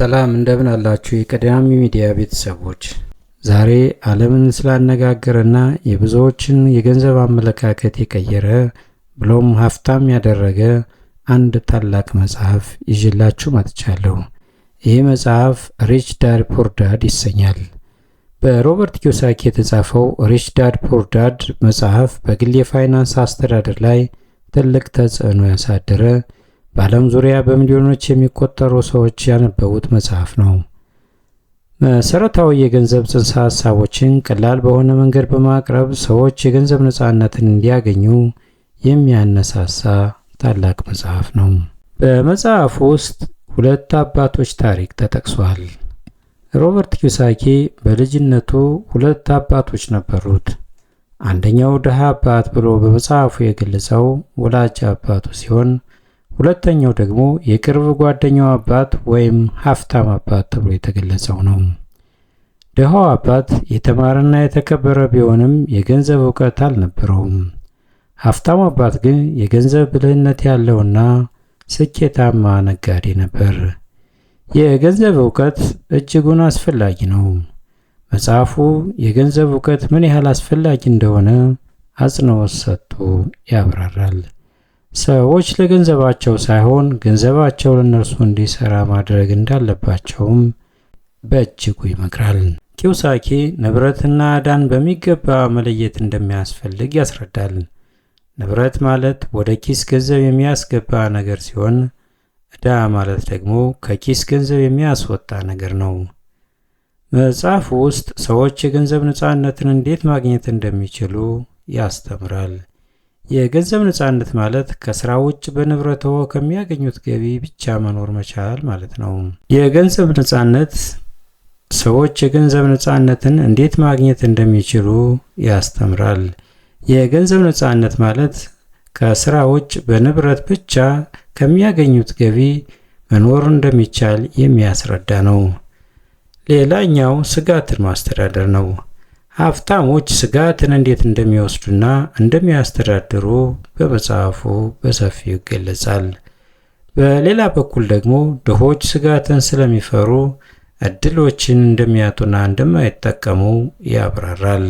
ሰላም እንደምን አላችሁ የቀዳሚ ሚዲያ ቤተሰቦች። ዛሬ ዓለምን ስላነጋገረና የብዙዎችን የገንዘብ አመለካከት የቀየረ ብሎም ሀብታም ያደረገ አንድ ታላቅ መጽሐፍ ይዤላችሁ መጥቻለሁ። ይህ መጽሐፍ ሪች ዳድ ፑር ዳድ ይሰኛል። በሮበርት ኪዮሳኪ የተጻፈው ሪች ዳድ ፑር ዳድ መጽሐፍ በግል የፋይናንስ አስተዳደር ላይ ትልቅ ተጽዕኖ ያሳደረ በዓለም ዙሪያ በሚሊዮኖች የሚቆጠሩ ሰዎች ያነበቡት መጽሐፍ ነው። መሰረታዊ የገንዘብ ጽንሰ ሀሳቦችን ቀላል በሆነ መንገድ በማቅረብ ሰዎች የገንዘብ ነፃነትን እንዲያገኙ የሚያነሳሳ ታላቅ መጽሐፍ ነው። በመጽሐፍ ውስጥ ሁለት አባቶች ታሪክ ተጠቅሷል። ሮበርት ኪሳኪ በልጅነቱ ሁለት አባቶች ነበሩት። አንደኛው ድሃ አባት ብሎ በመጽሐፉ የገለጸው ወላጅ አባቱ ሲሆን ሁለተኛው ደግሞ የቅርብ ጓደኛው አባት ወይም ሀብታም አባት ተብሎ የተገለጸው ነው። ድሃው አባት የተማረና የተከበረ ቢሆንም የገንዘብ እውቀት አልነበረውም። ሀፍታም አባት ግን የገንዘብ ብልህነት ያለውና ስኬታማ ነጋዴ ነበር። የገንዘብ እውቀት እጅጉን አስፈላጊ ነው። መጽሐፉ የገንዘብ እውቀት ምን ያህል አስፈላጊ እንደሆነ አጽንዖት ሰጥቶ ያብራራል። ሰዎች ለገንዘባቸው ሳይሆን ገንዘባቸው ለእነርሱ እንዲሰራ ማድረግ እንዳለባቸውም በእጅጉ ይመክራል። ኪዮሳኪ ንብረትና ዕዳን በሚገባ መለየት እንደሚያስፈልግ ያስረዳል። ንብረት ማለት ወደ ኪስ ገንዘብ የሚያስገባ ነገር ሲሆን፣ ዕዳ ማለት ደግሞ ከኪስ ገንዘብ የሚያስወጣ ነገር ነው። መጽሐፍ ውስጥ ሰዎች የገንዘብ ነፃነትን እንዴት ማግኘት እንደሚችሉ ያስተምራል። የገንዘብ ነፃነት ማለት ከስራ ውጭ በንብረትዎ ከሚያገኙት ገቢ ብቻ መኖር መቻል ማለት ነው። የገንዘብ ነፃነት ሰዎች የገንዘብ ነፃነትን እንዴት ማግኘት እንደሚችሉ ያስተምራል። የገንዘብ ነፃነት ማለት ከስራ ውጭ በንብረት ብቻ ከሚያገኙት ገቢ መኖር እንደሚቻል የሚያስረዳ ነው። ሌላኛው ስጋትን ማስተዳደር ነው። ሀብታሞች ስጋትን እንዴት እንደሚወስዱና እንደሚያስተዳድሩ በመጽሐፉ በሰፊው ይገለጻል። በሌላ በኩል ደግሞ ድሆች ስጋትን ስለሚፈሩ እድሎችን እንደሚያጡና እንደማይጠቀሙ ያብራራል።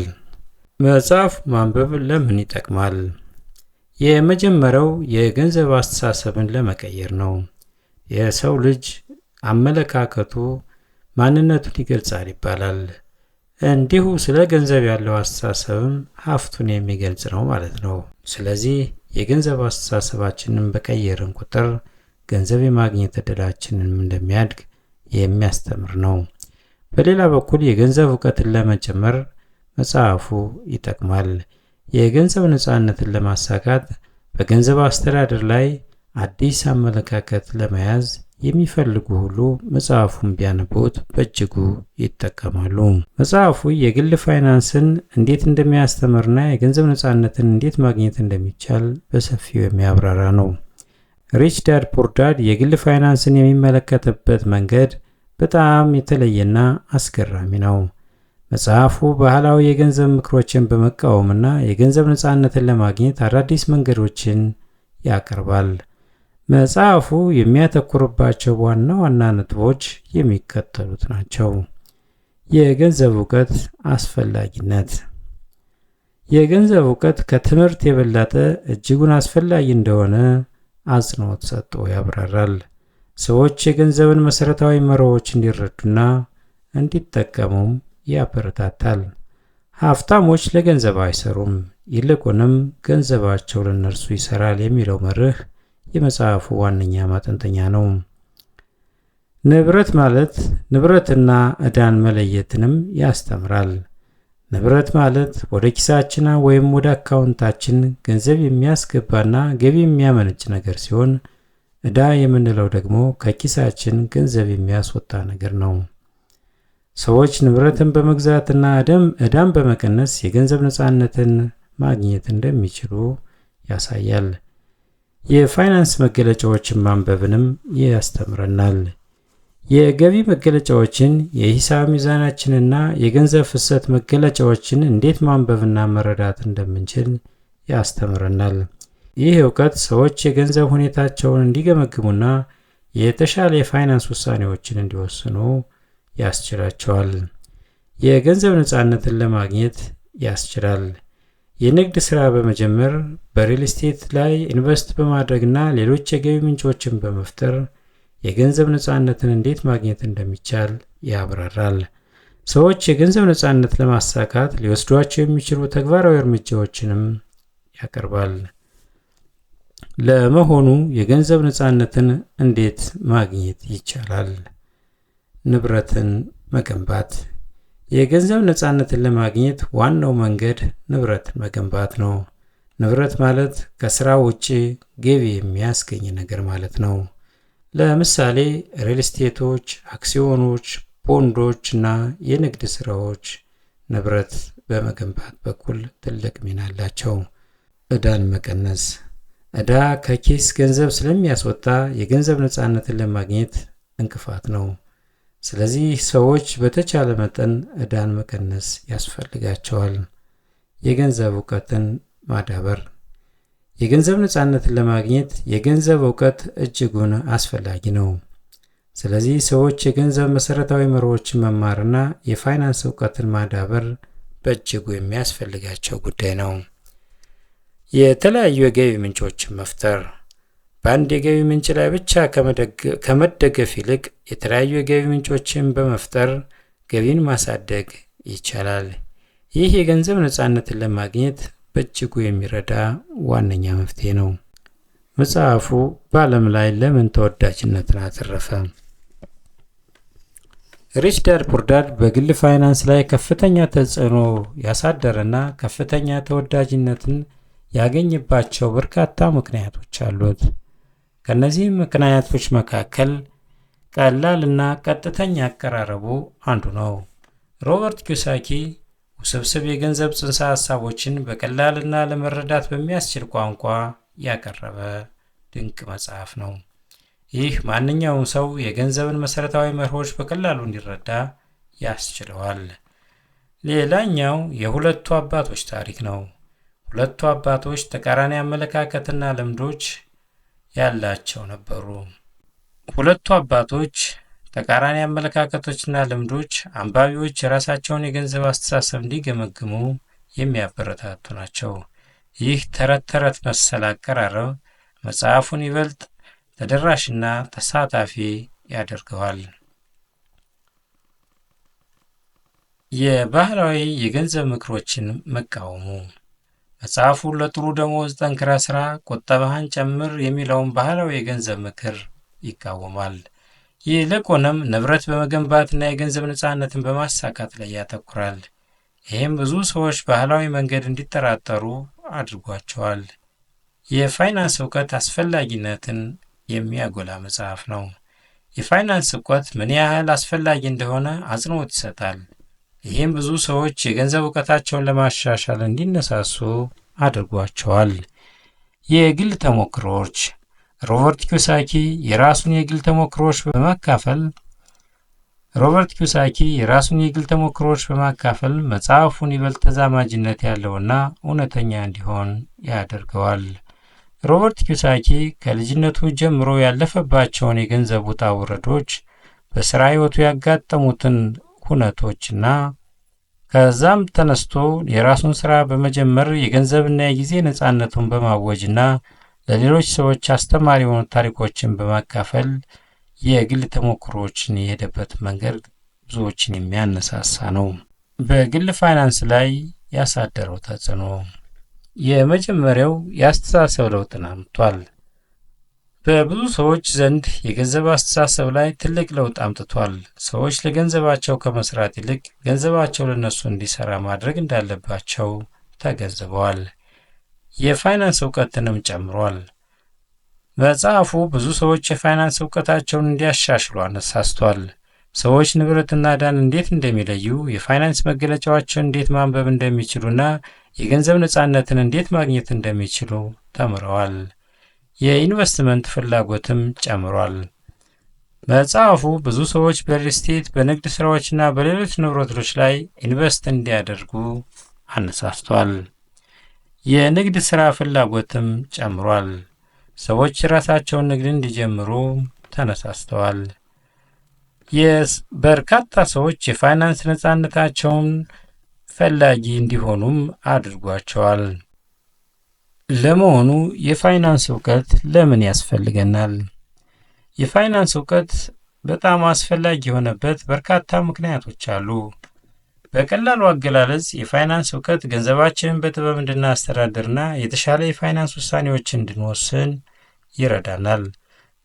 መጽሐፍ ማንበብ ለምን ይጠቅማል? የመጀመሪያው የገንዘብ አስተሳሰብን ለመቀየር ነው። የሰው ልጅ አመለካከቱ ማንነቱን ይገልጻል ይባላል። እንዲሁ ስለ ገንዘብ ያለው አስተሳሰብም ሀፍቱን የሚገልጽ ነው ማለት ነው። ስለዚህ የገንዘብ አስተሳሰባችንን በቀየርን ቁጥር ገንዘብ የማግኘት ዕድላችንም እንደሚያድግ የሚያስተምር ነው። በሌላ በኩል የገንዘብ እውቀትን ለመጨመር መጽሐፉ ይጠቅማል። የገንዘብ ነፃነትን ለማሳካት በገንዘብ አስተዳደር ላይ አዲስ አመለካከት ለመያዝ የሚፈልጉ ሁሉ መጽሐፉን ቢያነቡት በእጅጉ ይጠቀማሉ። መጽሐፉ የግል ፋይናንስን እንዴት እንደሚያስተምርና የገንዘብ ነፃነትን እንዴት ማግኘት እንደሚቻል በሰፊው የሚያብራራ ነው። ሪች ዳድ ፑር ዳድ የግል ፋይናንስን የሚመለከትበት መንገድ በጣም የተለየና አስገራሚ ነው። መጽሐፉ ባህላዊ የገንዘብ ምክሮችን በመቃወምና የገንዘብ ነፃነትን ለማግኘት አዳዲስ መንገዶችን ያቀርባል። መጽሐፉ የሚያተኩርባቸው ዋና ዋና ነጥቦች የሚከተሉት ናቸው። የገንዘብ እውቀት አስፈላጊነት። የገንዘብ እውቀት ከትምህርት የበለጠ እጅጉን አስፈላጊ እንደሆነ አጽንኦት ሰጥቶ ያብራራል። ሰዎች የገንዘብን መሠረታዊ መርሆዎች እንዲረዱና እንዲጠቀሙም ያበረታታል። ሀብታሞች ለገንዘብ አይሰሩም፣ ይልቁንም ገንዘባቸው ለእነርሱ ይሰራል የሚለው መርህ የመጽሐፉ ዋነኛ ማጠንጠኛ ነው። ንብረት ማለት ንብረትና ዕዳን መለየትንም ያስተምራል። ንብረት ማለት ወደ ኪሳችን ወይም ወደ አካውንታችን ገንዘብ የሚያስገባና ገቢ የሚያመነጭ ነገር ሲሆን ዕዳ የምንለው ደግሞ ከኪሳችን ገንዘብ የሚያስወጣ ነገር ነው። ሰዎች ንብረትን በመግዛትና እዳን በመቀነስ የገንዘብ ነፃነትን ማግኘት እንደሚችሉ ያሳያል። የፋይናንስ መገለጫዎችን ማንበብንም ያስተምረናል። የገቢ መገለጫዎችን፣ የሂሳብ ሚዛናችንና የገንዘብ ፍሰት መገለጫዎችን እንዴት ማንበብና መረዳት እንደምንችል ያስተምረናል። ይህ እውቀት ሰዎች የገንዘብ ሁኔታቸውን እንዲገመግሙና የተሻለ የፋይናንስ ውሳኔዎችን እንዲወስኑ ያስችላቸዋል። የገንዘብ ነፃነትን ለማግኘት ያስችላል። የንግድ ሥራ በመጀመር በሪል ስቴት ላይ ኢንቨስት በማድረግና ሌሎች የገቢ ምንጮችን በመፍጠር የገንዘብ ነፃነትን እንዴት ማግኘት እንደሚቻል ያብራራል። ሰዎች የገንዘብ ነፃነት ለማሳካት ሊወስዷቸው የሚችሉ ተግባራዊ እርምጃዎችንም ያቀርባል። ለመሆኑ የገንዘብ ነፃነትን እንዴት ማግኘት ይቻላል? ንብረትን መገንባት የገንዘብ ነፃነትን ለማግኘት ዋናው መንገድ ንብረት መገንባት ነው። ንብረት ማለት ከስራ ውጭ ገቢ የሚያስገኝ ነገር ማለት ነው። ለምሳሌ ሪል ስቴቶች፣ አክሲዮኖች፣ ቦንዶች እና የንግድ ስራዎች ንብረት በመገንባት በኩል ትልቅ ሚና አላቸው። ዕዳን መቀነስ ዕዳ ከኪስ ገንዘብ ስለሚያስወጣ የገንዘብ ነፃነትን ለማግኘት እንቅፋት ነው። ስለዚህ ሰዎች በተቻለ መጠን ዕዳን መቀነስ ያስፈልጋቸዋል። የገንዘብ እውቀትን ማዳበር የገንዘብ ነፃነትን ለማግኘት የገንዘብ እውቀት እጅጉን አስፈላጊ ነው። ስለዚህ ሰዎች የገንዘብ መሠረታዊ መርሆዎችን መማርና የፋይናንስ እውቀትን ማዳበር በእጅጉ የሚያስፈልጋቸው ጉዳይ ነው። የተለያዩ የገቢ ምንጮችን መፍጠር በአንድ የገቢ ምንጭ ላይ ብቻ ከመደገፍ ይልቅ የተለያዩ የገቢ ምንጮችን በመፍጠር ገቢን ማሳደግ ይቻላል። ይህ የገንዘብ ነፃነትን ለማግኘት በእጅጉ የሚረዳ ዋነኛ መፍትሄ ነው። መጽሐፉ በዓለም ላይ ለምን ተወዳጅነትን አተረፈ? ሪች ዳድ ፑር ዳድ በግል ፋይናንስ ላይ ከፍተኛ ተጽዕኖ ያሳደረና ከፍተኛ ተወዳጅነትን ያገኝባቸው በርካታ ምክንያቶች አሉት። ከእነዚህ ምክንያቶች መካከል ቀላልና ቀጥተኛ አቀራረቡ አንዱ ነው። ሮበርት ኪዮሳኪ ውስብስብ የገንዘብ ጽንሰ ሐሳቦችን በቀላልና ለመረዳት በሚያስችል ቋንቋ ያቀረበ ድንቅ መጽሐፍ ነው። ይህ ማንኛውም ሰው የገንዘብን መሠረታዊ መርሆች በቀላሉ እንዲረዳ ያስችለዋል። ሌላኛው የሁለቱ አባቶች ታሪክ ነው። ሁለቱ አባቶች ተቃራኒ አመለካከትና ልምዶች ያላቸው ነበሩ። ሁለቱ አባቶች ተቃራኒ አመለካከቶችና ልምዶች አንባቢዎች የራሳቸውን የገንዘብ አስተሳሰብ እንዲገመግሙ የሚያበረታቱ ናቸው። ይህ ተረት ተረት መሰል አቀራረብ መጽሐፉን ይበልጥ ተደራሽና ተሳታፊ ያደርገዋል። የባህላዊ የገንዘብ ምክሮችን መቃወሙ መጽሐፉ ለጥሩ ደሞዝ ጠንክራ ስራ፣ ቁጠባህን ጨምር የሚለውን ባህላዊ የገንዘብ ምክር ይቃወማል። ይልቁንም ንብረት በመገንባትና የገንዘብ ነፃነትን በማሳካት ላይ ያተኩራል። ይህም ብዙ ሰዎች ባህላዊ መንገድ እንዲጠራጠሩ አድርጓቸዋል። የፋይናንስ እውቀት አስፈላጊነትን የሚያጎላ መጽሐፍ ነው። የፋይናንስ እውቀት ምን ያህል አስፈላጊ እንደሆነ አጽንኦት ይሰጣል። ይህም ብዙ ሰዎች የገንዘብ እውቀታቸውን ለማሻሻል እንዲነሳሱ አድርጓቸዋል። የግል ተሞክሮዎች ሮበርት ኪዮሳኪ የራሱን የግል ተሞክሮዎች በማካፈል ሮበርት ኪዮሳኪ የራሱን የግል ተሞክሮዎች በማካፈል መጽሐፉን ይበልጥ ተዛማጅነት ያለውና እውነተኛ እንዲሆን ያደርገዋል። ሮበርት ኪዮሳኪ ከልጅነቱ ጀምሮ ያለፈባቸውን የገንዘብ ውጣ ውረዶች፣ በሥራ ሕይወቱ ያጋጠሙትን ሁነቶችና ከዛም ተነስቶ የራሱን ስራ በመጀመር የገንዘብና የጊዜ ነፃነቱን በማወጅና ለሌሎች ሰዎች አስተማሪ የሆኑ ታሪኮችን በማካፈል የግል ተሞክሮዎችን የሄደበት መንገድ ብዙዎችን የሚያነሳሳ ነው። በግል ፋይናንስ ላይ ያሳደረው ተጽዕኖ የመጀመሪያው የአስተሳሰብ ለውጥን አምቷል። በብዙ ሰዎች ዘንድ የገንዘብ አስተሳሰብ ላይ ትልቅ ለውጥ አምጥቷል። ሰዎች ለገንዘባቸው ከመስራት ይልቅ ገንዘባቸው ለነሱ እንዲሰራ ማድረግ እንዳለባቸው ተገንዝበዋል። የፋይናንስ እውቀትንም ጨምሯል። መጽሐፉ ብዙ ሰዎች የፋይናንስ እውቀታቸውን እንዲያሻሽሉ አነሳስቷል። ሰዎች ንብረትና ዕዳን እንዴት እንደሚለዩ፣ የፋይናንስ መገለጫዎችን እንዴት ማንበብ እንደሚችሉና የገንዘብ ነፃነትን እንዴት ማግኘት እንደሚችሉ ተምረዋል። የኢንቨስትመንት ፍላጎትም ጨምሯል። መጽሐፉ ብዙ ሰዎች በሪል በንግድ ሥራዎችና በሌሎች ንብረቶች ላይ ኢንቨስት እንዲያደርጉ አነሳስቷል። የንግድ ሥራ ፍላጎትም ጨምሯል። ሰዎች ራሳቸውን ንግድ እንዲጀምሩ ተነሳስተዋል። በርካታ ሰዎች የፋይናንስ ነፃነታቸውን ፈላጊ እንዲሆኑም አድርጓቸዋል። ለመሆኑ የፋይናንስ እውቀት ለምን ያስፈልገናል? የፋይናንስ እውቀት በጣም አስፈላጊ የሆነበት በርካታ ምክንያቶች አሉ። በቀላሉ አገላለጽ የፋይናንስ እውቀት ገንዘባችንን በጥበብ እንድናስተዳድርና የተሻለ የፋይናንስ ውሳኔዎችን እንድንወስን ይረዳናል።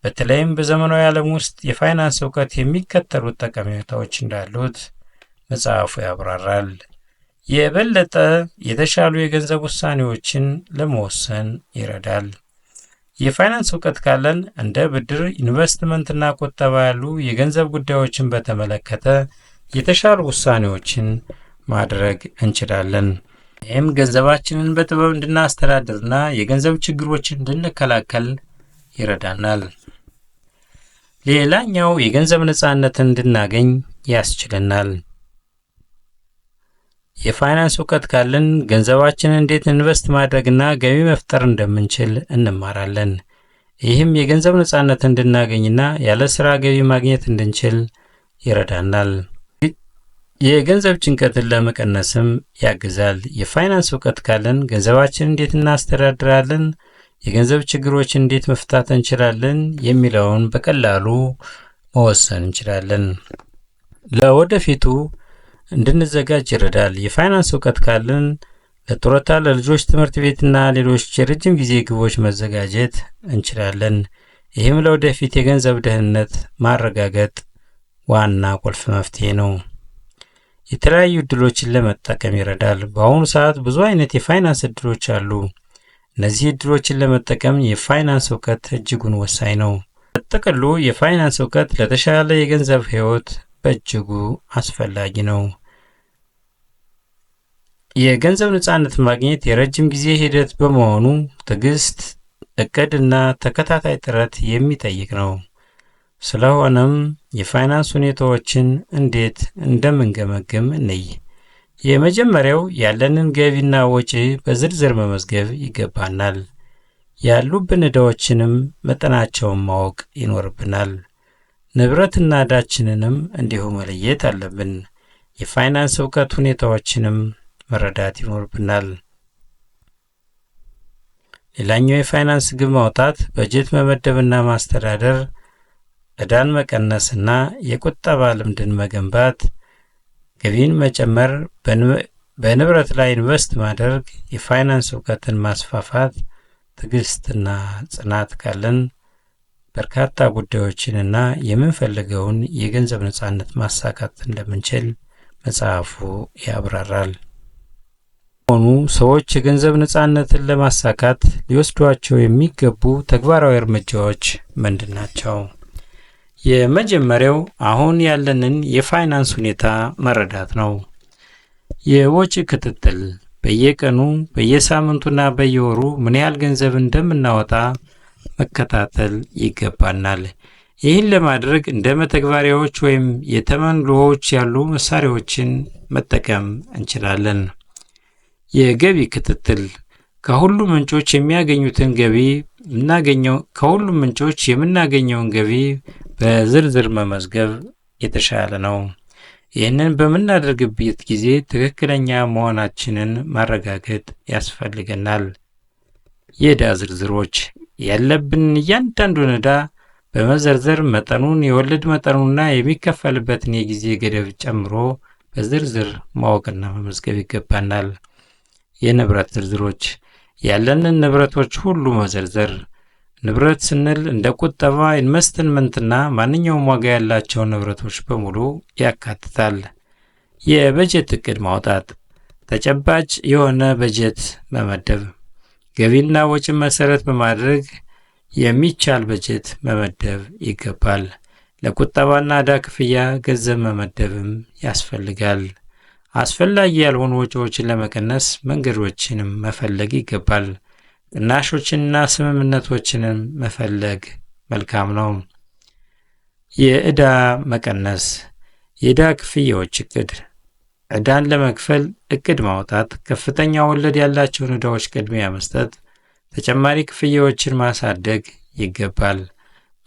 በተለይም በዘመናዊ ዓለም ውስጥ የፋይናንስ እውቀት የሚከተሉት ጠቀሜታዎች እንዳሉት መጽሐፉ ያብራራል። የበለጠ የተሻሉ የገንዘብ ውሳኔዎችን ለመወሰን ይረዳል። የፋይናንስ እውቀት ካለን እንደ ብድር፣ ኢንቨስትመንትና ቁጠባ ያሉ የገንዘብ ጉዳዮችን በተመለከተ የተሻሉ ውሳኔዎችን ማድረግ እንችላለን። ይህም ገንዘባችንን በጥበብ እንድናስተዳድርና የገንዘብ ችግሮችን እንድንከላከል ይረዳናል። ሌላኛው የገንዘብ ነፃነትን እንድናገኝ ያስችለናል። የፋይናንስ እውቀት ካለን ገንዘባችንን እንዴት ኢንቨስት ማድረግና ገቢ መፍጠር እንደምንችል እንማራለን። ይህም የገንዘብ ነፃነት እንድናገኝና ያለ ስራ ገቢ ማግኘት እንድንችል ይረዳናል። የገንዘብ ጭንቀትን ለመቀነስም ያግዛል። የፋይናንስ እውቀት ካለን ገንዘባችንን እንዴት እናስተዳድራለን፣ የገንዘብ ችግሮችን እንዴት መፍታት እንችላለን የሚለውን በቀላሉ መወሰን እንችላለን። ለወደፊቱ እንድንዘጋጅ ይረዳል። የፋይናንስ እውቀት ካለን ለጡረታ፣ ለልጆች ትምህርት ቤትና ሌሎች የረጅም ጊዜ ግቦች መዘጋጀት እንችላለን። ይህም ለወደፊት የገንዘብ ደህንነት ማረጋገጥ ዋና ቁልፍ መፍትሄ ነው። የተለያዩ እድሎችን ለመጠቀም ይረዳል። በአሁኑ ሰዓት ብዙ አይነት የፋይናንስ እድሎች አሉ። እነዚህ እድሎችን ለመጠቀም የፋይናንስ እውቀት እጅጉን ወሳኝ ነው። በጥቅሉ የፋይናንስ እውቀት ለተሻለ የገንዘብ ህይወት በእጅጉ አስፈላጊ ነው። የገንዘብ ነፃነት ማግኘት የረጅም ጊዜ ሂደት በመሆኑ ትዕግስት፣ እቅድ ተከታታይ ጥረት የሚጠይቅ ነው። ስለሆነም የፋይናንስ ሁኔታዎችን እንዴት እንደምንገመግም እንይ። የመጀመሪያው ያለንን ገቢና ወጪ በዝርዝር መመዝገብ ይገባናል። ያሉብን ዕዳዎችንም መጠናቸውን ማወቅ ይኖርብናል። ንብረትና ዕዳችንንም እንዲሁ መለየት አለብን። የፋይናንስ እውቀት ሁኔታዎችንም መረዳት ይኖርብናል። ሌላኛው የፋይናንስ ግብ ማውጣት በጀት መመደብና ማስተዳደር፣ ዕዳን መቀነስና የቁጠባ ልምድን መገንባት፣ ገቢን መጨመር፣ በንብረት ላይ ኢንቨስት ማድረግ፣ የፋይናንስ እውቀትን ማስፋፋት፣ ትዕግስትና ጽናት ካለን በርካታ ጉዳዮችንና የምንፈልገውን የገንዘብ ነፃነት ማሳካት እንደምንችል መጽሐፉ ያብራራል። ሆኑ ሰዎች የገንዘብ ነፃነትን ለማሳካት ሊወስዷቸው የሚገቡ ተግባራዊ እርምጃዎች ምንድን ናቸው? የመጀመሪያው አሁን ያለንን የፋይናንስ ሁኔታ መረዳት ነው። የወጪ ክትትል በየቀኑ በየሳምንቱና በየወሩ ምን ያህል ገንዘብ እንደምናወጣ መከታተል ይገባናል። ይህን ለማድረግ እንደ መተግበሪያዎች ወይም የተመን ልሆዎች ያሉ መሳሪያዎችን መጠቀም እንችላለን። የገቢ ክትትል ከሁሉ ምንጮች የሚያገኙትን ገቢ እናገኘው ከሁሉም ምንጮች የምናገኘውን ገቢ በዝርዝር መመዝገብ የተሻለ ነው። ይህንን በምናደርግበት ጊዜ ትክክለኛ መሆናችንን ማረጋገጥ ያስፈልገናል። የዕዳ ዝርዝሮች ያለብን እያንዳንዱን ዕዳ በመዘርዘር መጠኑን፣ የወለድ መጠኑና የሚከፈልበትን የጊዜ ገደብ ጨምሮ በዝርዝር ማወቅና መመዝገብ ይገባናል። የንብረት ዝርዝሮች ያለንን ንብረቶች ሁሉ መዘርዘር። ንብረት ስንል እንደ ቁጠባ፣ ኢንቨስትመንትና ማንኛውም ዋጋ ያላቸው ንብረቶች በሙሉ ያካትታል። የበጀት እቅድ ማውጣት፣ ተጨባጭ የሆነ በጀት መመደብ፣ ገቢና ወጪ መሰረት በማድረግ የሚቻል በጀት መመደብ ይገባል። ለቁጠባና ዕዳ ክፍያ ገንዘብ መመደብም ያስፈልጋል። አስፈላጊ ያልሆኑ ወጪዎችን ለመቀነስ መንገዶችንም መፈለግ ይገባል። ቅናሾችንና ስምምነቶችንም መፈለግ መልካም ነው። የዕዳ መቀነስ፣ የዕዳ ክፍያዎች እቅድ። ዕዳን ለመክፈል እቅድ ማውጣት፣ ከፍተኛ ወለድ ያላቸውን ዕዳዎች ቅድሚያ መስጠት፣ ተጨማሪ ክፍያዎችን ማሳደግ ይገባል።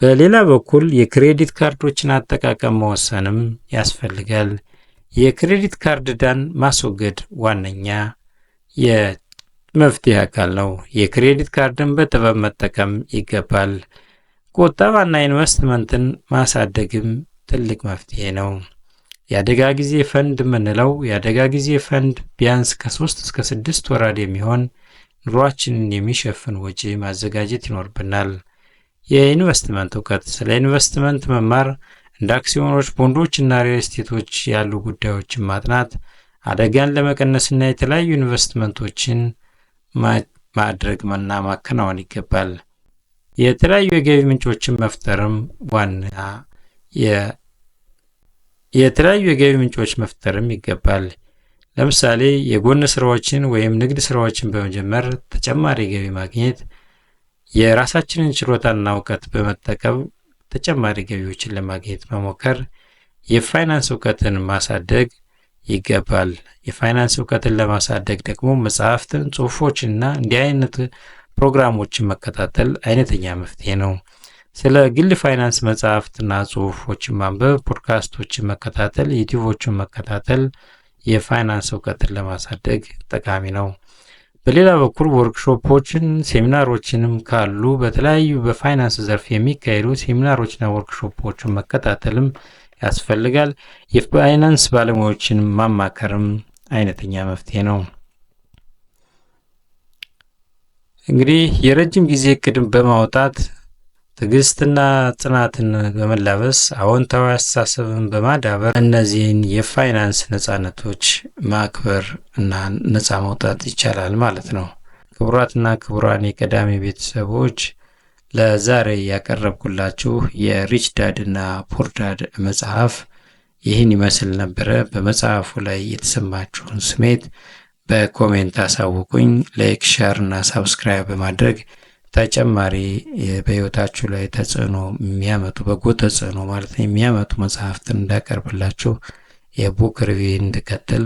በሌላ በኩል የክሬዲት ካርዶችን አጠቃቀም መወሰንም ያስፈልጋል። የክሬዲት ካርድ ዕዳን ማስወገድ ዋነኛ የመፍትሄ አካል ነው። የክሬዲት ካርድን በጥበብ መጠቀም ይገባል። ቆጠባና ኢንቨስትመንትን ማሳደግም ትልቅ መፍትሄ ነው። የአደጋ ጊዜ ፈንድ የምንለው የአደጋ ጊዜ ፈንድ ቢያንስ ከሶስት እስከ ስድስት ወራድ የሚሆን ኑሯችንን የሚሸፍን ወጪ ማዘጋጀት ይኖርብናል። የኢንቨስትመንት እውቀት ስለ ኢንቨስትመንት መማር እንደ አክሲዮኖች፣ ቦንዶችና ሪል ስቴቶች ያሉ ጉዳዮችን ማጥናት አደጋን ለመቀነስና የተለያዩ ኢንቨስትመንቶችን ማድረግና ማከናወን ይገባል። የተለያዩ የገቢ ምንጮችን መፍጠርም ዋና የተለያዩ የገቢ ምንጮች መፍጠርም ይገባል። ለምሳሌ የጎን ስራዎችን ወይም ንግድ ስራዎችን በመጀመር ተጨማሪ ገቢ ማግኘት፣ የራሳችንን ችሎታና እውቀት በመጠቀም ተጨማሪ ገቢዎችን ለማግኘት መሞከር፣ የፋይናንስ እውቀትን ማሳደግ ይገባል። የፋይናንስ እውቀትን ለማሳደግ ደግሞ መጽሐፍትን፣ ጽሁፎችና እንዲህ አይነት ፕሮግራሞችን መከታተል አይነተኛ መፍትሄ ነው። ስለ ግል ፋይናንስ መጽሐፍትና ጽሁፎችን ማንበብ፣ ፖድካስቶችን መከታተል፣ ዩቲዩቦችን መከታተል የፋይናንስ እውቀትን ለማሳደግ ጠቃሚ ነው። በሌላ በኩል ወርክሾፖችን፣ ሴሚናሮችንም ካሉ በተለያዩ በፋይናንስ ዘርፍ የሚካሄዱ ሴሚናሮችና ወርክሾፖችን መከታተልም ያስፈልጋል። የፋይናንስ ባለሙያዎችን ማማከርም አይነተኛ መፍትሄ ነው። እንግዲህ የረጅም ጊዜ እቅድም በማውጣት ትዕግስትና ጽናትን በመላበስ አዎንታዊ አስተሳሰብን በማዳበር እነዚህን የፋይናንስ ነፃነቶች ማክበር እና ነፃ መውጣት ይቻላል ማለት ነው። ክቡራትና ክቡራን የቀዳሚ ቤተሰቦች ለዛሬ ያቀረብኩላችሁ የሪች ዳድ እና ፑር ዳድ መጽሐፍ ይህን ይመስል ነበረ። በመጽሐፉ ላይ የተሰማችሁን ስሜት በኮሜንት አሳውቁኝ። ላይክ፣ ሸር እና ሳብስክራይብ በማድረግ ተጨማሪ በህይወታችሁ ላይ ተጽዕኖ የሚያመጡ በጎ ተጽዕኖ ማለት ነው የሚያመጡ መጽሐፍትን እንዳቀርብላችሁ የቡክ ሪቪው እንድቀጥል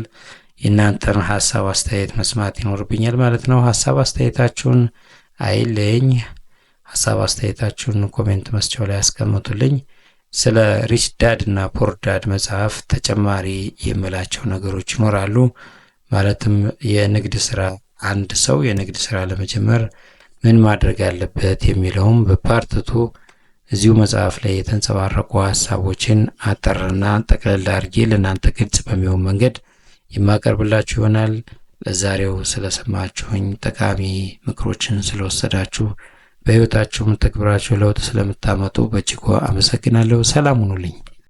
የእናንተን ሀሳብ አስተያየት መስማት ይኖርብኛል ማለት ነው። ሀሳብ አስተያየታችሁን አይለኝ። ሀሳብ አስተያየታችሁን ኮሜንት መስጫው ላይ ያስቀምጡልኝ። ስለ ሪች ዳድ እና ፖር ዳድ መጽሐፍ ተጨማሪ የምላቸው ነገሮች ይኖራሉ። ማለትም የንግድ ስራ አንድ ሰው የንግድ ስራ ለመጀመር ምን ማድረግ አለበት የሚለውም በፓርትቱ እዚሁ መጽሐፍ ላይ የተንጸባረቁ ሀሳቦችን አጠርና ጠቅለል አድርጌ ለእናንተ ግልጽ በሚሆን መንገድ የማቀርብላችሁ ይሆናል። ለዛሬው ስለሰማችሁኝ፣ ጠቃሚ ምክሮችን ስለወሰዳችሁ፣ በሕይወታችሁም ተግብራችሁ ለውጥ ስለምታመጡ በእጅጉ አመሰግናለሁ። ሰላም ሁኑልኝ።